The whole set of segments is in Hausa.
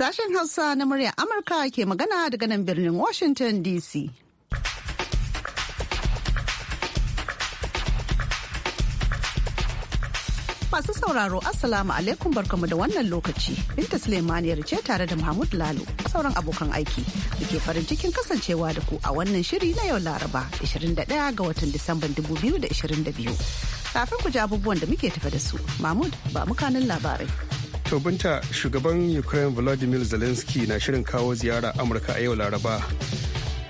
Sashen Hausa na murya Amurka ke magana daga nan birnin Washington DC. Masu sauraro Assalamu alaikum barkamu da wannan lokaci. Binta Suleimaniyar ce tare da Mahmud Lalo sauran abokan aiki da farin cikin kasancewa da ku a wannan shiri na yau Laraba 21 ga watan Disamban 2022. Kafin ku ji abubuwan da muke tafe da su, Mahmud ba mu kanin labarai. tobinta shugaban ukraine volodymyr zelensky na shirin kawo ziyara amurka a yau laraba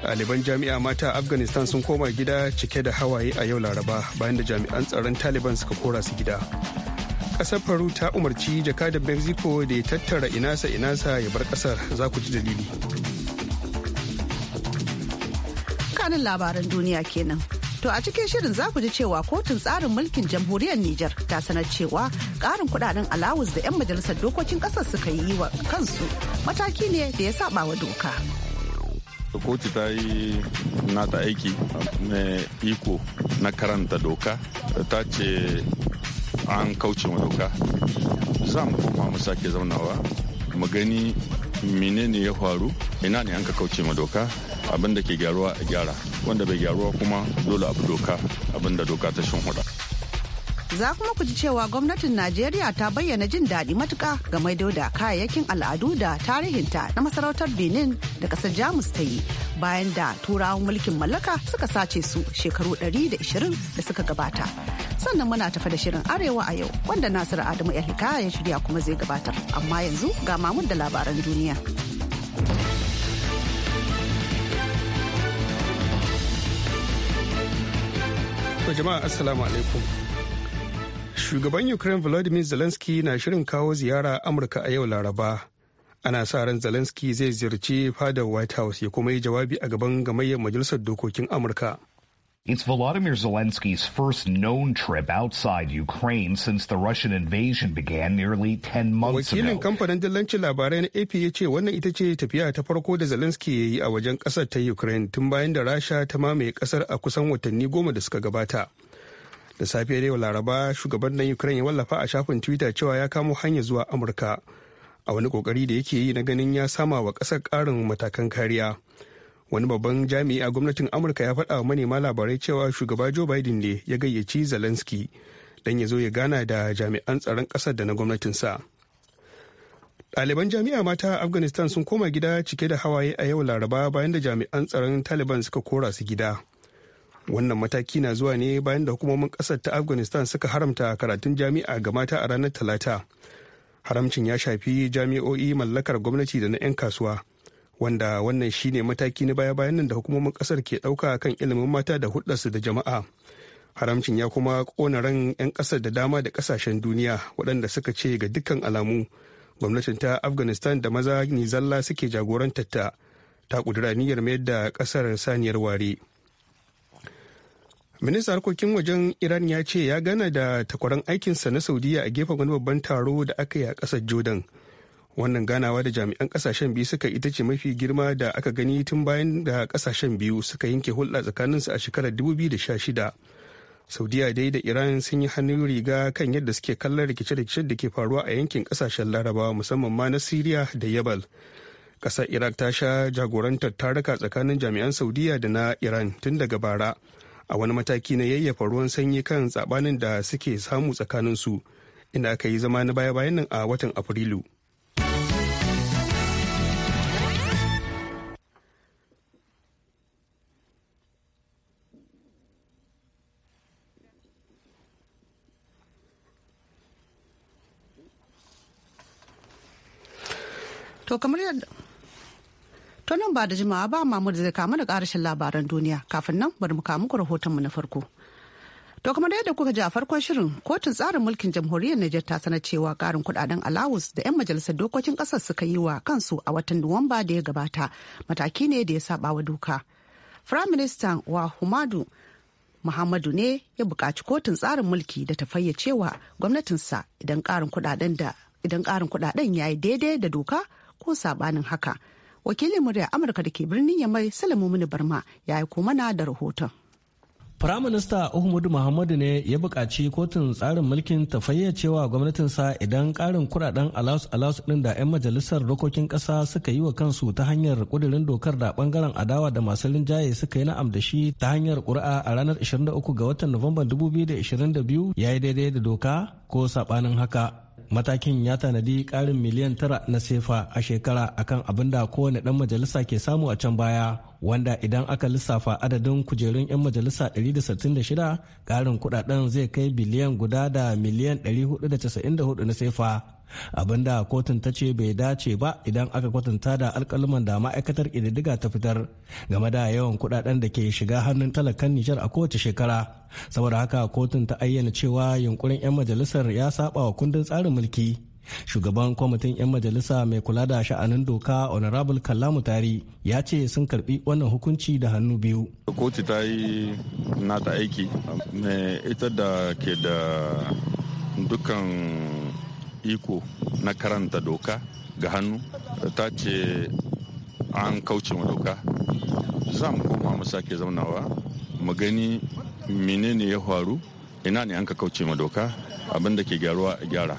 ɗaliban jami'a mata afghanistan sun koma gida cike da hawaye a yau laraba bayan da jami'an tsaron taliban suka kora su gida ƙasar faru ta umarci jakadar mexico da ya tattara inasa inasa ya bar ƙasar za ku ji dalili kanin labaran duniya kenan To a cikin shirin za ku ji cewa kotun tsarin mulkin jamhuriyar Nijar ta sanar cewa karin kudaden alawus da 'yan majalisar dokokin kasar suka yi wa kansu mataki ne da ya saba wa doka. kotu ta yi nata aiki mai iko na karanta doka ta ce an kauce wa doka za mu koma mu sake zaunawa mu gani menene ya faru ina ne an ka kauce ma doka abin da ke gyaruwa a gyara wanda bai gyaruwa kuma dole abu doka abin da doka ta shin Za kuma ku ji cewa gwamnatin Najeriya ta bayyana jin daɗi matuƙa maido da kayayyakin al'adu da tarihinta na masarautar Benin da ƙasar Jamus ta yi bayan da turawan mulkin mallaka suka sace su shekaru 120 da suka gabata. Sannan muna tafa da shirin Arewa a yau wanda Nasiru Adamu ya ya shirya kuma zai gabatar. Amma yanzu ga mamun da labaran duniya. jama'a assalamu alaikum Shugaban Ukraine Volodymyr Zelensky na shirin kawo ziyara Amurka a yau Laraba. Ana sa ran Zelensky zai ziyarci fadar White House ya kuma yi jawabi a gaban gamayyar Majalisar Dokokin Amurka. It's Volodymyr Zelensky's first known trip outside Ukraine since the Russian invasion began nearly 10 months ago. Wakilin kamfanin dillancin labarai na AP ya ce wannan ita ce tafiya ta farko da Zelensky ya yi a wajen kasar ta Ukraine tun bayan da Rasha ta mamaye kasar a kusan watanni goma da suka gabata. da safe yau laraba shugaban na ukraine ya wallafa a shafin twitter cewa ya kamo hanya zuwa amurka a wani kokari da yake yi na ganin ya sama wa kasar ƙarin matakan kariya wani babban jami'i a gwamnatin amurka ya faɗa wa manema labarai cewa shugaba joe biden ne ya gayyaci zelensky don ya zo ya gana da jami'an tsaron ƙasar da na sa. ɗaliban jami'a mata afghanistan sun koma gida cike da hawaye a yau laraba bayan da jami'an tsaron taliban suka kora su gida wannan mataki na zuwa ne bayan da hukumomin ƙasar ta afghanistan suka haramta karatun jami'a ga mata a ranar talata haramcin ya shafi jami'o'i mallakar gwamnati da na 'yan kasuwa wanda wannan shine mataki na baya-bayan nan da hukumomin ƙasar ke ɗauka kan ilimin mata da hulɗarsu da jama'a haramcin ya kuma kona ran 'yan ƙasar da dama da kasashen duniya waɗanda suka ce ga dukkan alamu gwamnatin ta afghanistan da maza ne zalla suke jagorantar ta ta ƙudura niyyar mayar da ƙasar saniyar ware ministan harkokin wajen iran ya ce ya gana da takwaran aikinsa na saudiya a gefen wani babban taro da aka yi a ƙasar jordan wannan ganawa da jami'an kasashen biyu suka ita ce mafi girma da aka gani tun bayan da kasashen biyu suka yanke hulɗa tsakaninsu a shekarar 2016 saudiya dai da iran sun yi hannun riga kan yadda suke kallon rikice-rikicen da ke faruwa a yankin kasashen larabawa musamman ma na siriya da yabal ƙasar iraq ta sha jagorantar taruka tsakanin jami'an saudiya da na iran tun daga bara a wani mataki na yayyafa ruwan sanyi kan tsabanin da suke samu tsakanin su inda aka yi zama na baya-bayan nan a watan afrilu To kamar yadda To nan ba da jimawa ba Mahmud zai kama da karashin labaran duniya kafin nan bari mu kawo rahoton rahotonmu na farko. To kamar yadda kuka ji a farkon shirin kotun tsarin mulkin jamhuriyar Nijar ta sanar cewa karin kudaden alawus da 'yan majalisar dokokin kasar suka yi wa kansu a watan Nuwamba da ya gabata mataki ne da ya saba wa doka. Firaministan wa Humadu Muhammadu ne ya buƙaci kotun tsarin mulki da ta fayyace wa gwamnatinsa idan karin kudaden ya yi daidai da doka ko sabanin haka. wakilin murya amurka da ke birnin yamai salamu barma ya aiko mana da rahoton Firaminista Uhumudu Muhammadu ne ya buƙaci kotun tsarin mulkin ta fayyacewa gwamnatinsa idan ƙarin kuɗaɗen alaus alaus ɗin da 'yan majalisar dokokin ƙasa suka yi wa kansu ta hanyar ƙudurin dokar da ɓangaren adawa da masu rinjaye suka yi na'am da shi ta hanyar ƙuri'a a ranar 23 ga watan Nuwamban 2022 ya yi daidai da doka ko saɓanin haka. matakin ya tanadi ƙarin miliyan tara na sefa a shekara akan abin da kowane ɗan majalisa ke samu a can baya wanda idan aka lissafa adadin kujerun 'yan majalisa 166 karin kudaden zai kai biliyan guda da miliyan 494 na sefa da kotun ta ce bai dace ba idan aka kwatanta da alkaliman da ma'aikatar ƙididdiga ta fitar game da yawan kudaden da ke shiga hannun talakan nijar a kowace shekara saboda haka kotun ta ayyana cewa yunkurin 'yan majalisar ya saba wa kundin tsarin mulki shugaban kwamitin 'yan majalisa mai kula da sha'anin doka honorable kallamu tari ya ce sun karbi wannan hukunci da hannu biyu kotu ta yi nata aiki mai ita da ke da dukkan iko na karanta doka ga hannu ta ce an kauce ma doka za mu koma mu sake zaunawa mu gani menene ya faru ina ne an ka kauce ma doka abin da ke gyaruwa a gyara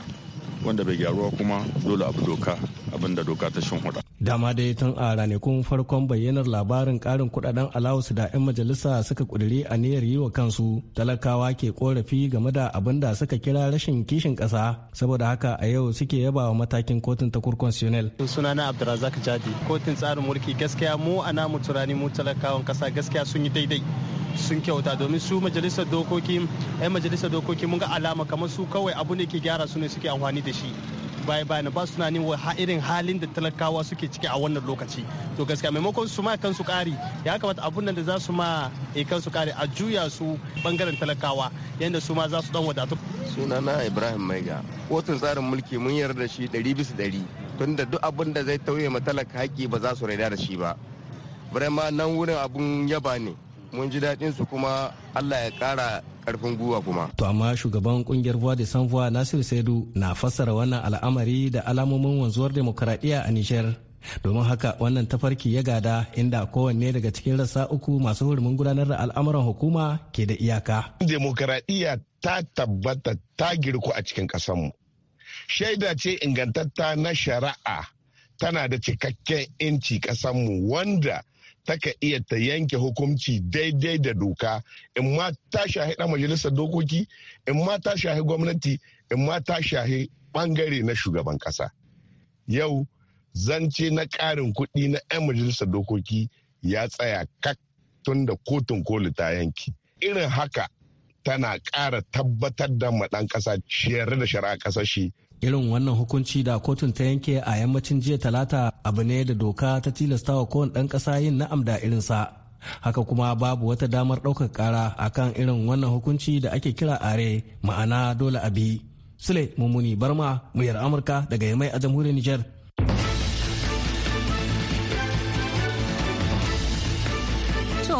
wanda bai gyaruwa kuma dole abu doka abin da doka ta shimfiɗa. Dama dai tun a ranakun farkon bayyanar labarin ƙarin kudaden alawus da 'yan majalisa suka kuduri niyyar yi wa kansu talakawa ke ƙorafi game da abin da suka kira rashin kishin ƙasa saboda haka a yau suke yaba wa matakin kotun ta kurkonsionel. Sunana Abdulrazak Jadi kotun tsarin mulki gaskiya mu a namu turani mu talakawan ƙasa gaskiya sun yi daidai. sun kyauta domin su majalisar dokoki 'yan majalisar dokoki mun ga alama kamar su kawai abu ne ke gyara su ne suke amfani da shi baya baya ba su tunanin irin halin da talakawa suke ciki a wannan lokaci to gaskiya maimakon su ma kansu kari ya kamata abun nan da za su ma eh, kansu kari a juya su bangaren talakawa yadda su ma za su dan wadatu sunana ibrahim maiga kotun tsarin mulki mun yarda shi ɗari bisa ɗari tunda duk abun da zai tauye ma talaka haƙƙi ba za su raida da shi ba vraiment nan wurin abun yaba ne mun ji daɗin su kuma allah ya kara. karfin guwa kuma. To amma shugaban kungiyar Voix de Sans Voix Nasiru Saidu na fassara wannan al'amari da alamomin wanzuwar demokaradiyya a Nijar. Domin haka wannan tafarki ya gada inda kowanne daga cikin rasa uku masu hurumin gudanar da al'amuran hukuma ke da iyaka. Demokaradiyya ta tabbata ta girku a cikin ƙasanmu. Shaida ce ingantatta na shari'a tana da cikakken 'yanci ƙasarmu wanda taka iya ta yanke hukunci daidai da doka in ma ta shahi na majalisar dokoki in ma ta shahi gwamnati in ma ta shahi bangare na shugaban kasa yau zance na ƙarin kuɗi na 'yan majalisar dokoki ya tsaya kak tun da kotun koli ta yanki irin haka tana ƙara tabbatar da maɗan ƙasa shi yarda da shari'a ƙasar shi irin wannan hukunci da kotun ta yanke a yammacin jiya talata abu ne da doka ta tilasta wa kowane ɗan kasa yin na'am da sa haka kuma babu wata damar ɗaukar ƙara akan irin wannan hukunci da ake kira are ma'ana dole abi sule mummuni barma muryar amurka daga yamai a jamhuriyar niger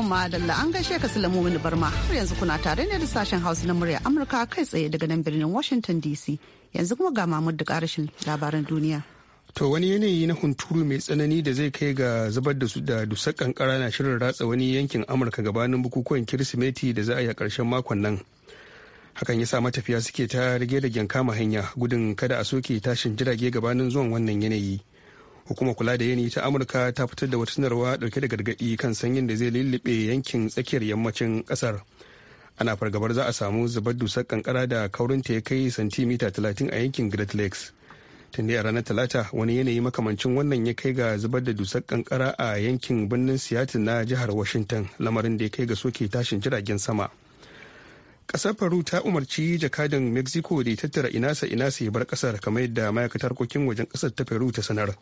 To madalla an gaishe ka Sulamu mini barma har yanzu kuna tare ne da sashen Hausa na murya Amurka kai tsaye daga nan birnin Washington DC. Yanzu kuma ga mamu da karashin labaran duniya. To wani yanayi na hunturu mai tsanani da zai kai ga zubar da su da dusar kankara na shirin ratsa wani yankin Amurka gabanin bukukuwan Kirsimeti da za a yi a ƙarshen makon nan. Hakan ya sa matafiya suke ta rage da kama hanya gudun kada a soke tashin jirage gabanin zuwan wannan yanayi. hukumar kula da yanayi ta amurka ta fitar da wata sanarwa dauke da gargadi kan sanyin da zai lullube yankin tsakiyar yammacin kasar ana fargabar za a samu zubar dusar kankara da kaurinta ya kai santimita 30 a yankin great lakes tun a ranar talata wani yanayi makamancin wannan ya kai ga zubar da dusar kankara a yankin birnin seattle na jihar washington lamarin da ya kai ga soke tashin jiragen sama kasar faru ta umarci jakadan mexico da ya tattara inasa inasa ya bar kasar kamar yadda ma'aikatar harkokin wajen kasar ta peru ta sanar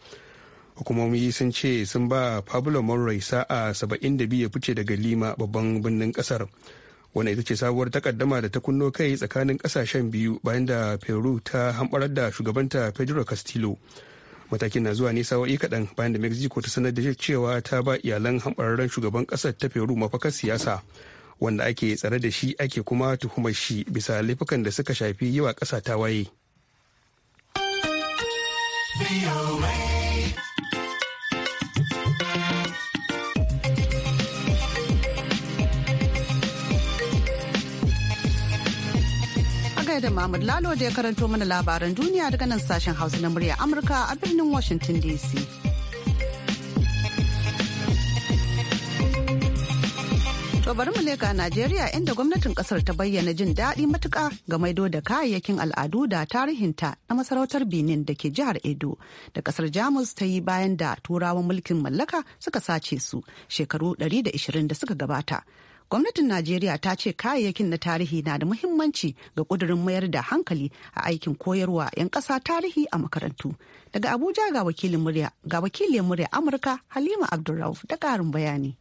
hukumomi sun ce sun ba pablo murray sa'a saba'in biyu ya fice daga lima babban birnin kasar wanda ita ce sabuwar takaddama da ta kunno kai tsakanin kasashen biyu bayan da peru ta hamɓarar da shugabanta pedro castillo matakin na zuwa ne sawa'i kaɗan bayan da mexico ta sanar da cewa ta ba iyalan hamɓararren shugaban ƙasar ta peru mafakar siyasa wanda ake tsare da shi ake kuma tuhumar shi bisa laifukan da suka shafi yi wa ƙasa ta waye. gaida Mahmud Lalo da ya karanto mana labaran duniya daga nan sashen Hausa na murya Amurka a birnin Washington DC. To bari mu leka Najeriya inda gwamnatin kasar ta bayyana jin daɗi matuƙa ga maido da kayayyakin al'adu da tarihinta na masarautar Benin da ke jihar Edo da kasar Jamus ta yi bayan da turawan mulkin mallaka suka sace su shekaru 120 da suka gabata. gwamnatin najeriya ta ce kayayyakin na tarihi na da muhimmanci ga kudurin mayar da hankali a aikin koyarwa 'yan ƙasa tarihi a makarantu daga abuja ga wakilin murya amurka halima abdulrauf da ƙarin bayani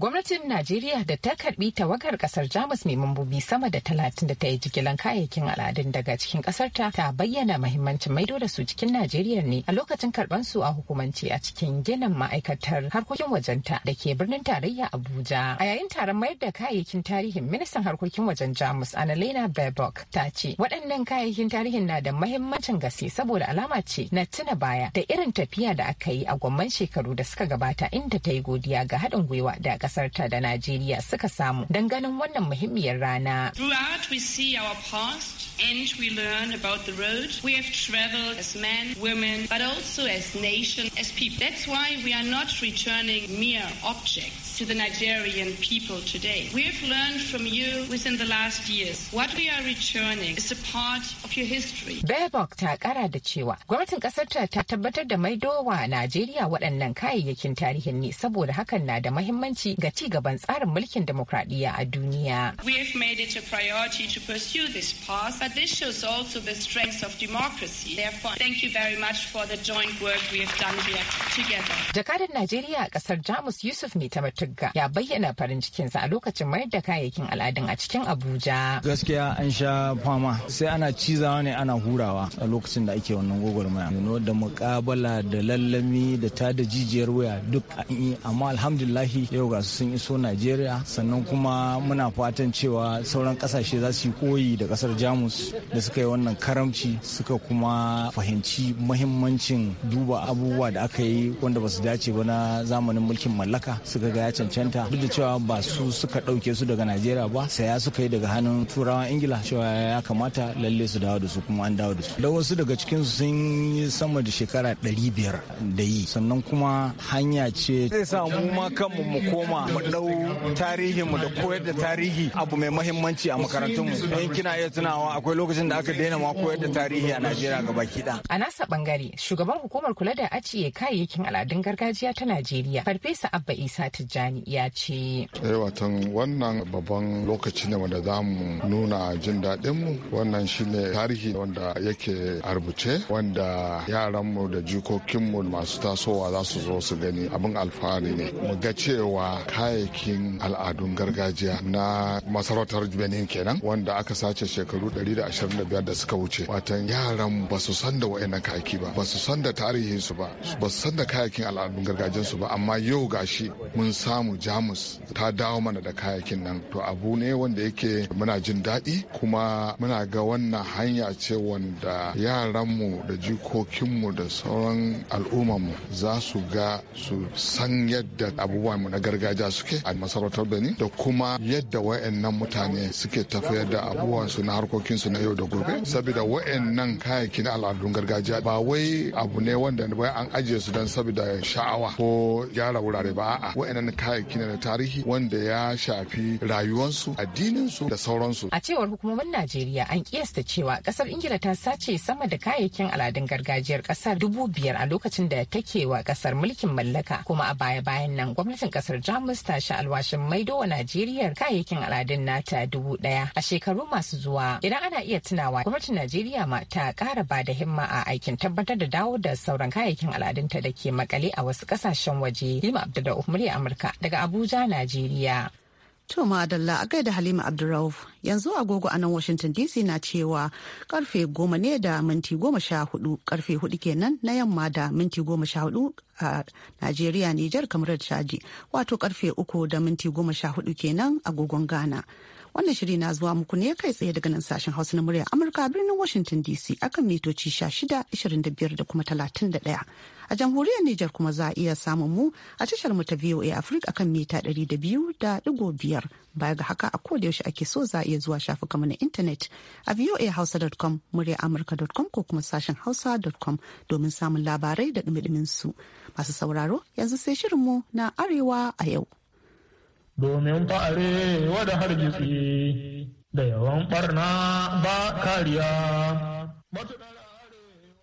Gwamnatin Najeriya da ta karbi tawagar kasar Jamus mai mambobi sama da talatin da ta yi jigilan kayayyakin al'adun daga cikin kasarta ta bayyana mahimmancin maido da su cikin Najeriya ne a lokacin karban su a hukumance a cikin ginin ma'aikatar harkokin wajenta da ke birnin tarayya Abuja. A yayin taron mayar da kayayyakin tarihin ministan harkokin wajen Jamus Annalena Baerbock ta ce waɗannan kayayyakin tarihin na da mahimmancin gaske saboda alama ce na tuna baya da irin tafiya da aka yi a gwamman shekaru da suka gabata inda ta yi godiya ga haɗin gwiwa da kasar ta da Najeriya suka samu don wannan muhimmiyar rana. Throughout we see our past and we learn about the road we have traveled as men, women, but also as nation, as people. That's why we are not returning mere objects. to the Nigerian people today. have learned from you within the last years. What we are returning is a part of your history. Baerbock ta kara da cewa gwamnatin kasar ta tabbatar da wa Najeriya waɗannan kayayyakin tarihin ne saboda hakan na da mahimmanci ga ci gaban tsarin mulkin demokradiyya a duniya. We have made it a priority to pursue this path, but this shows also the strength of democracy. Therefore, thank you very much for the joint work we have done here together. Jakadar Najeriya a ƙasar Jamus Yusuf ne ta Gagga ya bayyana farin cikinsa a lokacin mayar da kayayyakin al'adun a cikin Abuja. Gaskiya an sha fama sai ana cizawa ne ana hurawa a lokacin da ake wannan gwagwarmaya. Nuno da mukabala da lallami da ta da jijiyar waya duk an yi amma alhamdulillahi yau ga sun iso Najeriya sannan kuma muna fatan cewa sauran kasashe za su yi koyi da kasar Jamus da suka yi wannan karamci suka kuma fahimci muhimmancin duba abubuwa da aka yi wanda ba su dace ba na zamanin mulkin mallaka suka ga ya cancanta duk da cewa ba su suka dauke su daga najeriya ba saya suka yi daga hannun turawan ingila cewa ya kamata lalle su dawo da su kuma an dawo da su don wasu daga cikin su sun yi sama da shekara ɗari biyar da yi sannan kuma hanya ce zai sa mu ma kanmu mu koma mu dau tarihin mu da koyar da tarihi abu mai mahimmanci a makarantunmu don kina iya tunawa akwai lokacin da aka daina ma koyar da tarihi a najeriya gabaki da a nasa bangare shugaban hukumar kula da ajiye kayayyakin al'adun gargajiya ta najeriya farfesa abba isa tijjani Tijjani ya ce. Eh, watan wannan babban lokaci ne wanda za mu nuna jin daɗinmu wannan shine tarihi wanda yake arbuce. Wanda yaran yaranmu da jikokinmu masu tasowa za su zo su gani abin alfahari ne. Mu ga cewa kayayyakin al'adun gargajiya na masarautar Benin kenan wanda aka sace shekaru 125 da suka wuce. Watan yaran ba su san da wa'ina kayaki ba, ba su san da tarihinsu ba, ba su san da kayayyakin al'adun gargajiyarsu ba, amma yau gashi mun san samu jamus ta dawo mana da kayakin nan to abu ne wanda yake muna jin daɗi kuma muna ga wannan hanya ce wanda yaranmu da jikokinmu da sauran al'ummarmu za su ga su san yadda mu na gargajiya suke a masarautar ni. da kuma yadda wa'annan mutane suke tafiyar da su na harkokinsu na yau da gobe saboda wa'annan kayakin al'adun gargajiya ba wai abu ne wanda an ajiye su don saboda sha'awa ko gyara wurare ba a'a wa'annan kayayyaki na tarihi wanda ya shafi rayuwarsu addininsu da sauransu a cewar hukumomin najeriya an kiyasta cewa kasar ingila ta sace sama da kayayyakin aladun gargajiyar kasar dubu biyar a lokacin da take wa kasar mulkin mallaka kuma a baya bayan nan gwamnatin kasar jamus ta sha alwashin maido wa najeriya kayayyakin aladun nata dubu daya a shekaru masu zuwa idan ana iya tunawa gwamnatin najeriya ma ta kara ba da himma a aikin tabbatar da dawo da sauran kayayyakin aladunta da ke makale a wasu kasashen waje lima abdullahi murya amurka daga Abuja, Najeriya. To Adalla a gaida Halima Abdurrauf yanzu agogo a nan Washington DC na cewa karfe goma ne da minti goma sha hudu karfe hudu kenan na yamma da minti goma sha hudu a Najeriya Nijar kamar shaji wato karfe uku da minti goma sha hudu kenan agogon Ghana. Wannan shiri na zuwa muku ne kai tsaye daga nan sashen Hausa na murya Amurka birnin Washington DC akan mitoci 16, 25 da kuma 31. A jamhuriyar Nijar kuma za a iya samun mu a tashar mu ta VOA Africa akan mita 200.5 baya ga haka a koda yaushe ake so za a iya zuwa shafukanmu na intanet a voahausa.com muryaamurka.com ko kuma sashen hausa.com domin samun labarai da dumi su masu sauraro yanzu sai shirin mu na arewa a yau. Domin da har hargitsi da yawan barna ba kariya.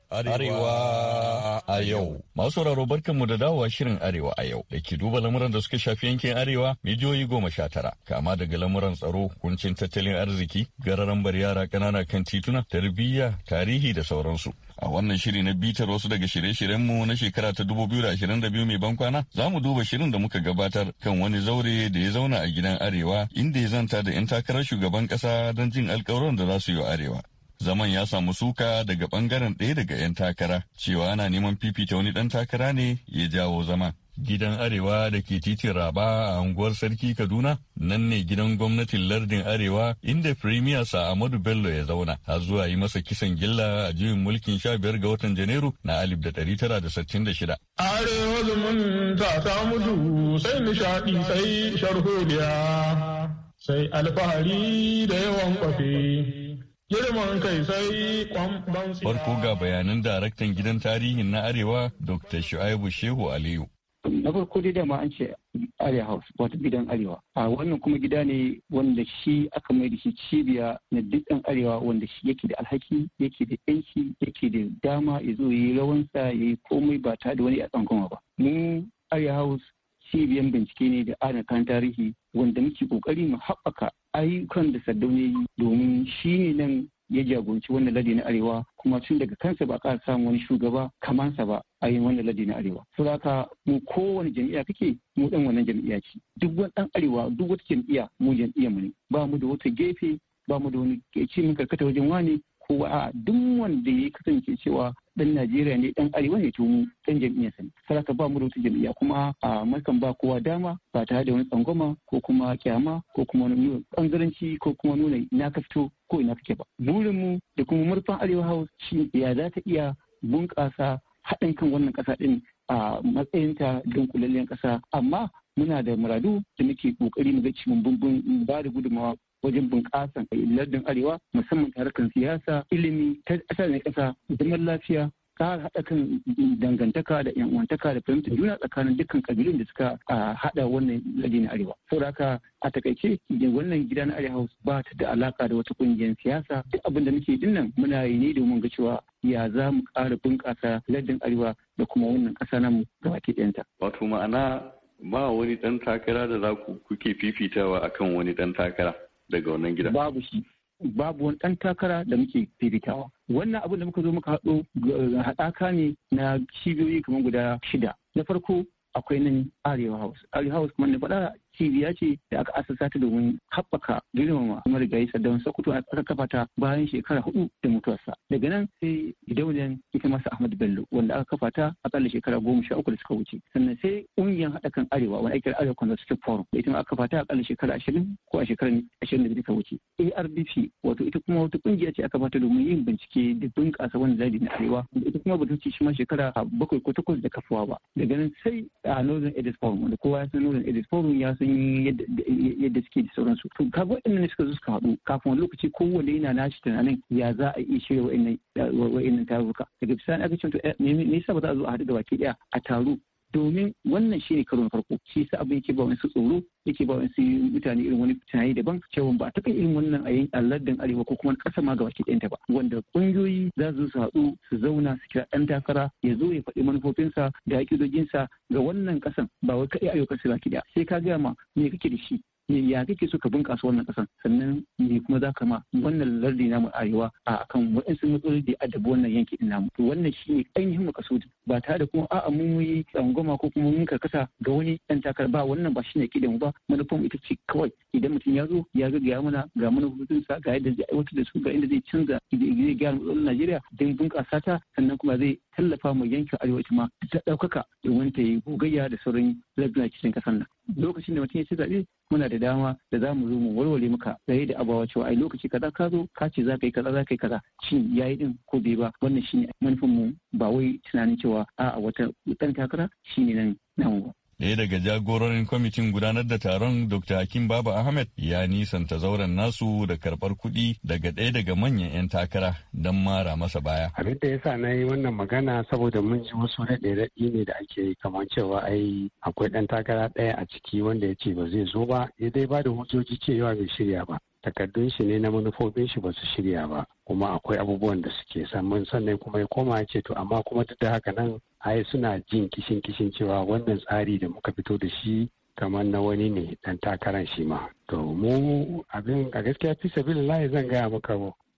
Arewa a yau. Masu sauraro barkanmu da dawowa shirin Arewa a yau da ke duba lamuran da suka shafi yankin Arewa mijiyoyi goma sha tara. Kama daga lamuran tsaro, kuncin tattalin arziki, gararan bar yara ƙanana kan tituna, tarbiyya, tarihi da sauransu. A wannan shiri na bitar wasu daga shirye-shiryenmu na shekara ta 2022 mai bankwana za mu duba shirin da muka gabatar kan wani zaure da ya zauna a gidan Arewa inda ya zanta da 'yan takarar shugaban ƙasa don jin alƙawuran da za su yi wa Arewa. Zaman ya samu suka daga bangaren ɗaya daga 'yan takara cewa ana neman fifita wani ɗan takara ne ya jawo zama. Gidan Arewa da ke titin Raba a unguwar Sarki Kaduna nan ne gidan gwamnatin lardin Arewa inda Firimiya sa Amadu Bello ya zauna har zuwa yi masa kisan gilla a juyin mulkin sha biyar ga watan Janairu na alif da da da tara sittin shida. Arewa zumunta ta mutu sai nishaɗi sai sharholiya sai alfahari da yawan kwafe. Farko ga bayanan daraktan gidan tarihin na Arewa Dr. Shu'aibu Shehu Aliyu. Na farko dai dama an ce Area House wata gidan Arewa. A wannan kuma gida ne wanda shi aka mai da shi cibiya na dukkan Arewa wanda shi yake da alhaki, yake da yanki, yake da dama ya zo yi rawansa ya yi komai ba tare da wani a tsankoma ba. Mu Area House cibiyar bincike ne da ana kan tarihi wanda muke kokari mu haɓaka ayyukan da sardauna yi domin shi ne nan ya jagoranci wannan ladi na arewa kuma tun daga kansa ba ka samu wani shugaba kamansa ba a yin wannan ladi na arewa saboda mu kowane jam'iyya kake mu dan wannan jam'iyya ce duk wani dan arewa duk wata jam'iyya mu jam'iyyar mu ne ba mu da wata gefe ba mu da wani ce mun karkata wajen wani ko a duk wanda ya kasance cewa dan Najeriya ne dan Arewa ne to mu dan jam'iyyar sa saraka ba mu da wata jam'iyya kuma a makan ba kowa dama ba tare da wani tsangwama ko kuma kyama ko kuma nuna bangaranci ko kuma nuna ina ka fito ko ina kake ba burin mu da kuma murfan Arewa House shi ya za ta iya bunƙasa haɗin kan wannan ƙasa ɗin a matsayinta don kulallen ƙasa amma muna da muradu da muke kokari mu ga cikin bumbun ba da gudunmawa wajen bunƙasan lardin arewa musamman ta harkar siyasa ilimi ta ƙasa da ƙasa zaman lafiya ƙara haɗa kan dangantaka da yan'uwantaka da fahimtar juna tsakanin dukkan ƙabilun da suka haɗa wannan lardin na arewa saboda haka a takaice wannan gida na arewa ba ta da alaka da wata ƙungiyar siyasa duk abin da muke dinnan muna yi ne domin ga cewa ya za mu ƙara bunƙasa lardin arewa da kuma wannan ƙasa namu baki ɗayanta. wato ma'ana ba wani ɗan takara da za ku kuke fifitawa akan wani ɗan takara. daga wannan gida babu shi babu wani ɗan takara da muke fifitawa wannan abin da muka zo muka haɗo haɗaka ne na cibiyoyi kamar guda shida na farko akwai nan arewa house arewa house kuma ne faɗa cibiya ce da aka asasa ta domin haɓaka girmama marigayi don Sokoto aka kafa ta bayan shekara hudu da mutuwarsa. Daga nan sai gidauniyar ita masa Ahmad Bello wanda aka kafa ta ƙalla shekara goma sha uku da suka wuce. Sannan sai ƙungiyar haɗa kan Arewa wani aikin Arewa Conservative Forum da ita ma aka kafa ta ƙalla shekara ashirin ko a shekarar ashirin da suka wuce. ARDP wato ita kuma wata ƙungiya ce aka fata domin yin bincike da bunƙasa wani zaɓi na Arewa ita kuma ba ta wuce shi ma shekara bakwai ko takwas da kafuwa ba. Daga nan sai a Northern Edis Forum wanda kowa ya san Northern Edis Forum ya san yadda suke da sauransu to kaga waɗannan suka zo suka haɗu kafin wani lokaci ko wanne yana nashi tunanin ya za a iya shirya waɗannan tarurruka daga bisani aka ce to eh, me yasa ba za a zo a haɗu da baki ɗaya a taro domin wannan shine karon farko shi sa abin yake ba wani su tsoro yake ba wani su mutane irin wani tunani daban cewa ba ta irin wannan a yin alladin arewa ko kuma kasa ma gaba ɗayanta ba wanda ƙungiyoyi za su su haɗu su zauna su kira ɗan takara ya zo ya faɗi manufofinsa da haƙidojinsa ga wannan ƙasan ba wai kaɗai ayyukan su baki ɗaya sai ka gaya ma me kake da shi ya kake so ka bunƙasa wannan ƙasa sannan me kuma za ka ma wannan lardi namu arewa a kan waɗansu matsaloli da adabi wannan yanki din namu to wannan shi ne ainihin makasudi ba tare da kuma a'a mun yi tsangwama ko kuma mun karkasa ga wani ɗan takara ba wannan ba shi ne kidan ba manufan ita ce kawai idan mutum ya zo ya ga gaya mana ga mana hutunsa ga yadda zai aiwatar da su ga inda zai canza zai gyara matsalolin Najeriya don bunƙasa ta sannan kuma zai tallafa mu yankin arewa ma ta ɗaukaka domin ta yi gogayya da sauran lardunan cikin ƙasar nan lokacin da mutum ya ci zaɓe muna da dama da za mu zo mu warware maka tsaye da abawa cewa ai lokaci kaza ka zo ka ce za ka yi kaza za ka yi kaza shin yi din ko bai ba wannan shine manufin mu ba wai tunanin cewa a'a wata ɗan takara shine nan namu ba Ɗaya daga jagororin kwamitin gudanar da taron Dr. Hakim Baba Ahmed ya nisanta zauren nasu da karɓar kuɗi daga ɗaya daga manyan 'yan takara don mara masa baya. Abin da ya sa na yi wannan magana saboda mun ji wasu raɗe-raɗi ne da ake kamar cewa ai akwai ɗan takara ɗaya a ciki wanda ya ce ba zai zo ba ya dai ba da hujjoji cewa bai shirya ba. takardun shi ne na manufofin shi ba su shirya ba kuma akwai abubuwan da suke samun sannan kuma ya koma ce to amma kuma duk da haka nan ai suna jin kishin kishin cewa wannan tsari da muka fito da shi kamar na wani ne dan takaran shi ma to mu abin a gaskiya fi sabilillahi zan gaya maka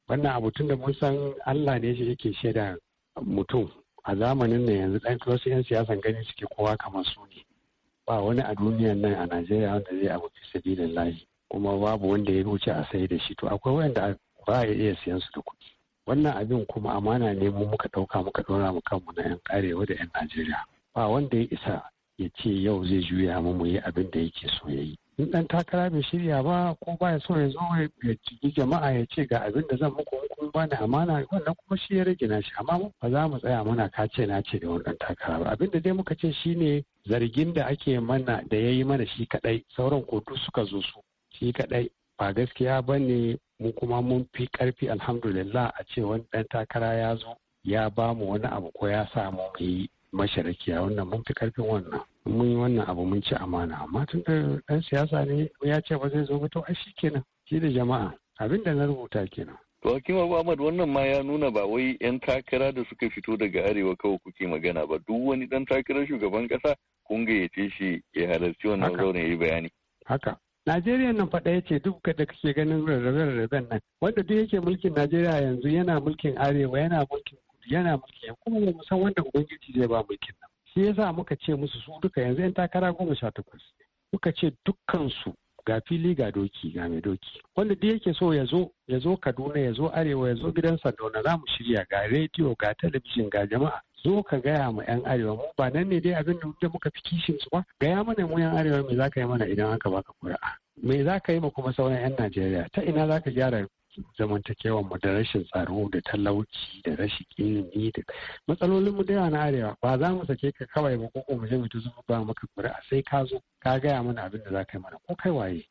wannan abu tun da mun san Allah ne shi yake shaida mutum a zamanin nan yanzu dan wasu yan siyasan gani suke kowa kamar su ne ba wani a duniyan nan a Najeriya wanda zai abu fi sabilillahi kuma babu wanda ya wuce a sai da shi to akwai wanda ba ya iya siyan su da kuɗi wannan abin kuma amana ne mu muka ɗauka muka ɗora mu kanmu na 'yan karewa da 'yan najeriya ba wanda ya isa ya ce yau zai juya mu mu yi abin da yake so ya yi in dan takara bai shirya ba ko ba ya so ya zo ya ciki jama'a ya ce ga abin da zan muku kun ba ni amana wannan kuma shi ya rage nashi amma ba za mu tsaya mana kace na ce da wannan takara ba abin da dai muka ce shine zargin da ake mana da ya yi mana shi kadai sauran kotu suka zo su shi kadai ba gaskiya ba ne mu kuma mun fi karfi alhamdulillah a ce wani dan takara ya zo ya ba mu wani abu ko ya samu mu yi masharakiya wannan mun fi karfin wannan mun yi wannan abu mun ci amana amma tun da dan siyasa ne ya ce ba zai zo ba to ai kenan shi da jama'a abin da na rubuta kenan To Hakim Abu Ahmad wannan ma ya nuna ba wai 'yan takara da suka fito daga arewa kawai kuke magana ba duk wani dan takarar shugaban kasa kun gayyace shi ya halarci wannan zauren ya yi bayani. Haka Najeriya nan faɗa ya ce duk da kake ganin rarrabe-rarraben nan wanda duk yake mulkin Najeriya yanzu yana mulkin arewa yana mulkin kudu yana mulkin kuma ba mu san wanda ubangiji zai ba mulkin nan. Shi yasa muka ce musu su duka yanzu 'yan takara goma sha takwas. Muka ce dukkansu ga fili ga doki ga mai doki wanda duk yake so ya zo ya zo kaduna ya zo arewa ya zo gidan dauna za mu shirya ga rediyo ga talabijin ga jama'a zo ka gaya ma 'yan arewa mu ba nan ne dai abin da muka fi kishin su ba gaya mana mu 'yan arewa me za ka yi mana idan aka baka kuri'a me za ka yi ma kuma sauran 'yan najeriya ta ina za ka gyara zamantakewan mu da rashin tsaro da talauci da rashin ilimi da matsalolin mu da yawa na arewa ba za mu sake ka kawai ba ko mu je mu tuzu ba maka kuri'a sai ka zo ka gaya mana abin da za ka yi mana ko kai waye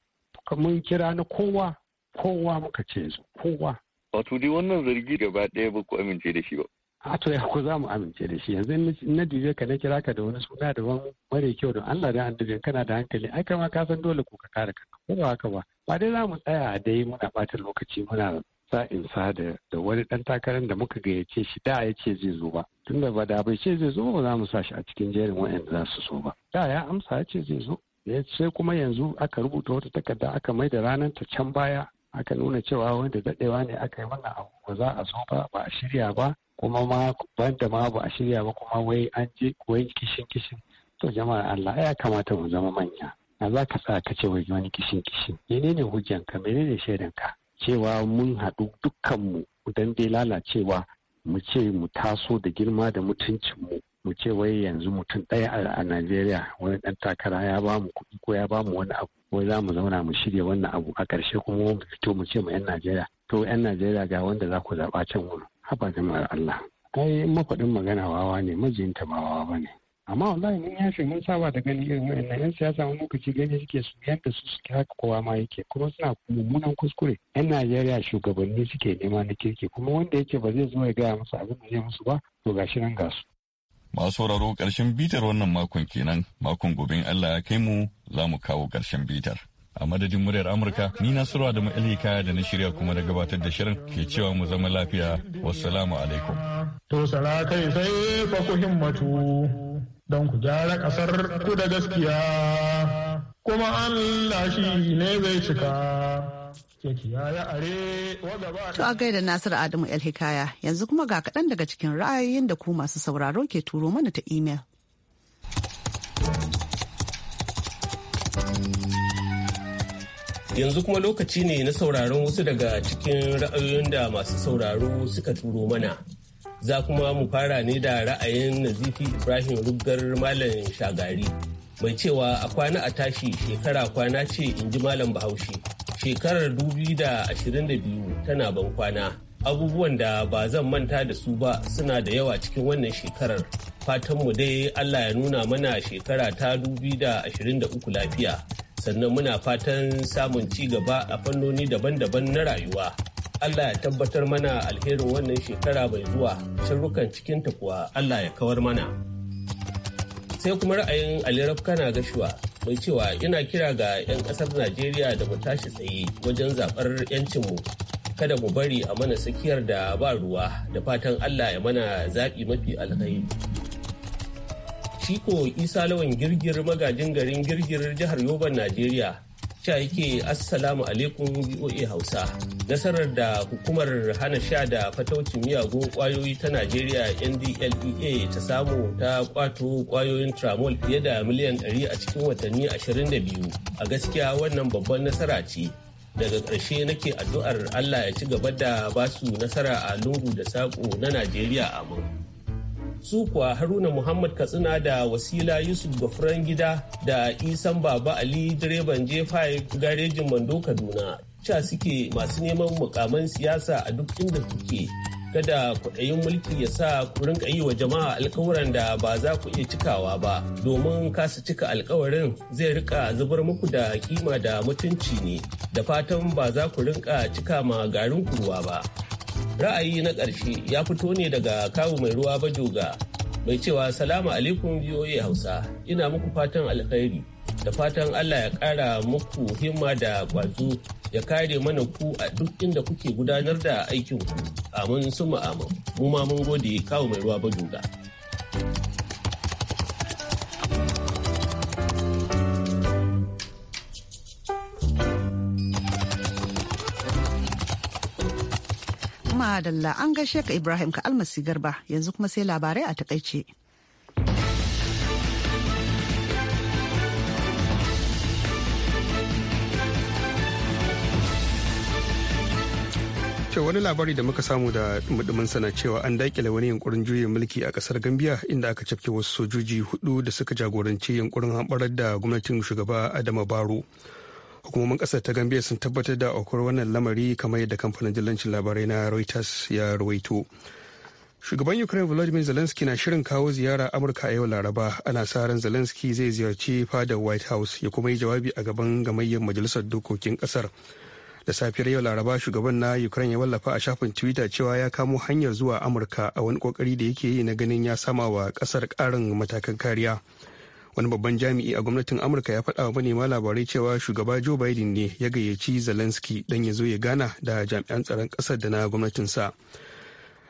mun kira na kowa kowa muka ce zo kowa wato dai wannan zargi gaba ɗaya ba ku amince da shi ba a to ya ku za mu amince da shi yanzu na dubiya ka na kira ka da wani suna da wani mare kyau don Allah da annabin kana da hankali ai kama ka san dole ku ka kare ka ko ba haka ba ba dai za mu tsaya a dai muna bata lokaci muna sa in sa da wani dan takarar da muka gayyace shi da ya ce zai zo ba tunda ba da bai ce zai zo ba za mu sa shi a cikin jerin wa'anda za su so ba da ya amsa ya ce zai zo sai kuma yanzu aka rubuta wata takarda aka mai da ranar ta can baya aka nuna cewa wanda daɗewa ne aka yi wannan abu ba za a zo ba ba a shirya ba kuma ma da ma ba a shirya ba kuma wai an je wai kishin kishin to jama'a Allah ya kamata mu zama manya na za ka sa ka ce wai wani kishin kishin mene hujjanka menene ka cewa mun haɗu dukkan mu dan dai lalacewa mu ce mu taso da girma da mutuncinmu mu ce wai yanzu mutum ɗaya a Najeriya wani ɗan takara ya ba mu kuɗi ko ya ba mu wani abu wai za mu zauna mu shirya wannan abu a ƙarshe kuma mu fito mu ce ma 'yan najeriya to 'yan najeriya ga wanda za ku zaɓa can wuri haba jama'ar allah ai makwaɗin magana wawa ne majinta ba wawa ba ne amma wallahi mun yafe mun saba da gani irin wayannan yan siyasa wani lokaci gani suke su yadda su suke haka kowa ma yake kuma suna mummunan kuskure yan najeriya shugabanni suke nema na kirki kuma wanda yake ba zai zo ya gaya musu abin da zai musu ba to gashi nan ga su Masu sauraro ƙarshen bitar wannan makon kenan, makon gobe Allah ya kai mu za mu kawo ƙarshen bitar. A madadin muryar Amurka, ni na surwa da ma'ali kaya da na shirya kuma da gabatar da shirin ke cewa mu zama lafiya. Wassalamu alaikum. To salakai sai fa ku himmatu don ku gyara ƙasar ku da gaskiya. Kuma Allah shi ne zai cika. to a gaida Nasiru Adamu El Hikaya yanzu kuma ga kaɗan daga cikin ra'ayoyin da ku masu sauraro ke turo mana ta imel. yanzu kuma lokaci ne na sauraron wasu daga cikin ra'ayoyin da masu sauraro suka turo mana za kuma mu fara ne da ra'ayin nazifi ibrahim ruggar malam shagari mai cewa a kwana a tashi shekara kwana ce in ji malam bahaushe Shekarar 2022 tana ban kwana. Abubuwan da ba zan manta da su ba suna da yawa cikin wannan shekarar. Fatanmu dai Allah ya nuna mana shekara ta 2023 lafiya. Sannan muna fatan samun ci gaba a fannoni daban-daban na rayuwa. Allah ya tabbatar mana alherin wannan shekara mai zuwa sharrukan cikin kuwa Allah ya kawar mana. Sai kuma ra'ayin Ali na Gashuwa mai cewa ina kira ga 'yan kasar najeriya da mu tashi tsaye wajen zaɓar 'yancinmu kada mu bari a mana tsakiyar da ba ruwa da fatan allah ya mana zaɓi mafi alkhairi shiko isa lawan girgir magajin garin girgir jihar yoban najeriya sha yake assalamu alaikum voa hausa nasarar da hukumar hana sha da fataucin miyagun kwayoyi ta najeriya ndlea ta samu ta kwato kwayoyin tramol fiye da miliyan 100 a cikin watanni 22 a gaskiya wannan babban nasara ce daga ƙarshe nake addu'ar allah ya ci gaba da basu nasara a lungu da saƙo na najeriya amin su kuwa haruna muhammad katsina da wasila yusuf gafran gida da isan baba ali direban j5 garejin mando kaduna ca suke masu neman mukaman siyasa a duk inda suke kada kuɗayin mulki ya sa ku rinka yi wa jama'a alkawuran da ba za ku iya cikawa ba domin kasa cika alkawarin zai rika zubar muku da kima da mutunci ne da fatan ba za ku rinka cika ma garin kuruwa ba ra'ayi na ƙarshe ya fito ne daga kawu mai ruwa bajoga mai cewa salamu alaikum voa hausa ina muku fatan alkhairi da fatan allah ya ƙara muku himma da kwazo ya kare mana ku a duk inda kuke gudanar da aikinku amin su amin mu ma mun gode kawu mai ruwa bajoga madalla an gaishe ka Ibrahim ka almasi garba yanzu kuma sai labarai a takaice. ce wani labari da muka samu da mudumin sana cewa an daƙile wani yankurin juyin mulki a ƙasar gambia inda aka cafke wasu sojoji hudu da suka jagoranci yankurin hamɓarar da gwamnatin shugaba adama baro hukumomin kasar ta gambia sun tabbatar da aukuwar wannan lamari kamar yadda kamfanin dillancin labarai na reuters ya ruwaito. shugaban ukraine volodymyr zelensky na shirin kawo ziyara amurka a yau laraba ana sa ran zelensky zai ziyarci fadar white house ya kuma yi jawabi a gaban gamayyar majalisar dokokin kasar da safiyar yau laraba shugaban na ukraine ya wallafa a shafin twitter cewa ya kamo hanyar zuwa amurka a wani kokari da yake yi na ganin ya sama wa kasar karin matakan kariya wani babban jami'i a gwamnatin amurka ya faɗa wa manema labarai cewa shugaba joe biden ne ya gayyaci zelensky dan ya zo ya gana da jami'an tsaron ƙasar da na gwamnatinsa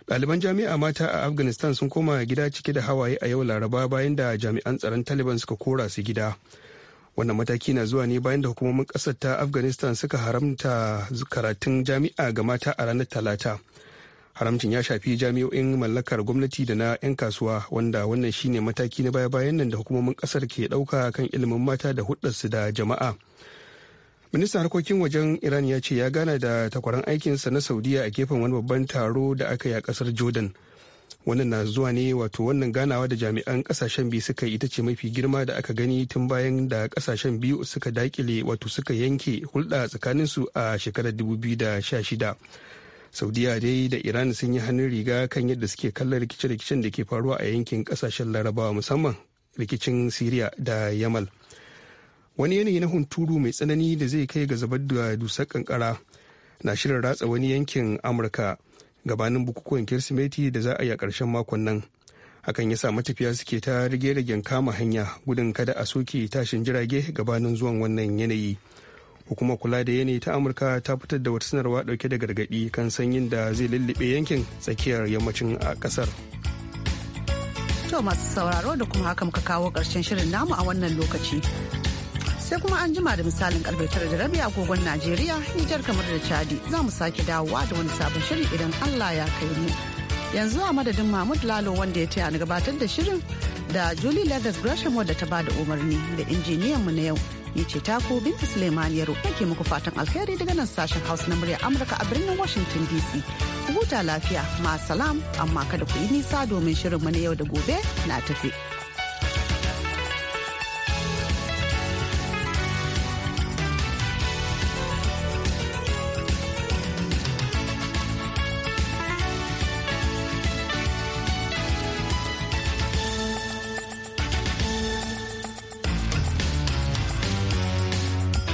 ɗaliban jami'a mata a afghanistan sun koma gida cike da hawaye a yau laraba bayan da jami'an tsaron taliban suka kora su gida wannan mataki na zuwa ne bayan da hukumomin ƙasar ta afghanistan suka haramta karatun jami'a ga mata a ranar talata haramcin ya shafi jami'o'in mallakar gwamnati da na 'yan kasuwa wanda wannan shine mataki na baya-bayan nan da hukumomin kasar ke ɗauka kan ilimin mata da hudarsu da jama'a ministan harkokin wajen iran ya ce ya gana da takwaran aikinsa na saudiya a gefen wani babban taro da aka yi a kasar jordan wannan na zuwa ne wato wannan ganawa da jami'an kasashen biyu suka yi ita ce mafi girma da aka gani tun bayan da kasashen biyu suka dakile wato suka yanke hulɗa tsakaninsu a shekarar 2016 saudiya dai da iran sun yi hannun riga kan yadda suke kallon rikice-rikicen da ke faruwa a yankin kasashen larabawa musamman rikicin siriya da yamal wani yanayi na hunturu mai tsanani da zai kai ga zubar da dusar kankara na shirin ratsa wani yankin amurka gabanin bukukuwan kirsimeti da za a yi a ƙarshen makon nan hakan ya sa matafiya suke ta rige-ragen kama hanya gudun kada a soke tashin jirage gabanin zuwan wannan yanayi hukumar kula da yanayi ta amurka ta fitar da wata sanarwa dauke da gargadi kan sanyin da zai lullube yankin tsakiyar yammacin a kasar to masu sauraro da kuma haka muka kawo karshen shirin namu a wannan lokaci sai kuma an jima da misalin karfe tara da rabi agogon najeriya nijar kamar da chadi za mu sake dawowa da wani sabon shiri idan allah ya kai mu yanzu a madadin mahmud lalo wanda ya taya ni gabatar da shirin da julie lagos gresham wadda ta ba da umarni da injiniyan mu na yau Ni ce taku Binta Suleiman Yaro yake muku fatan alheri daga nan sashen Hausa na murya Amurka a birnin Washington DC. Ku huta lafiya, ma salam, amma kada ku yi nisa domin shirin mu na yau da gobe na tafi.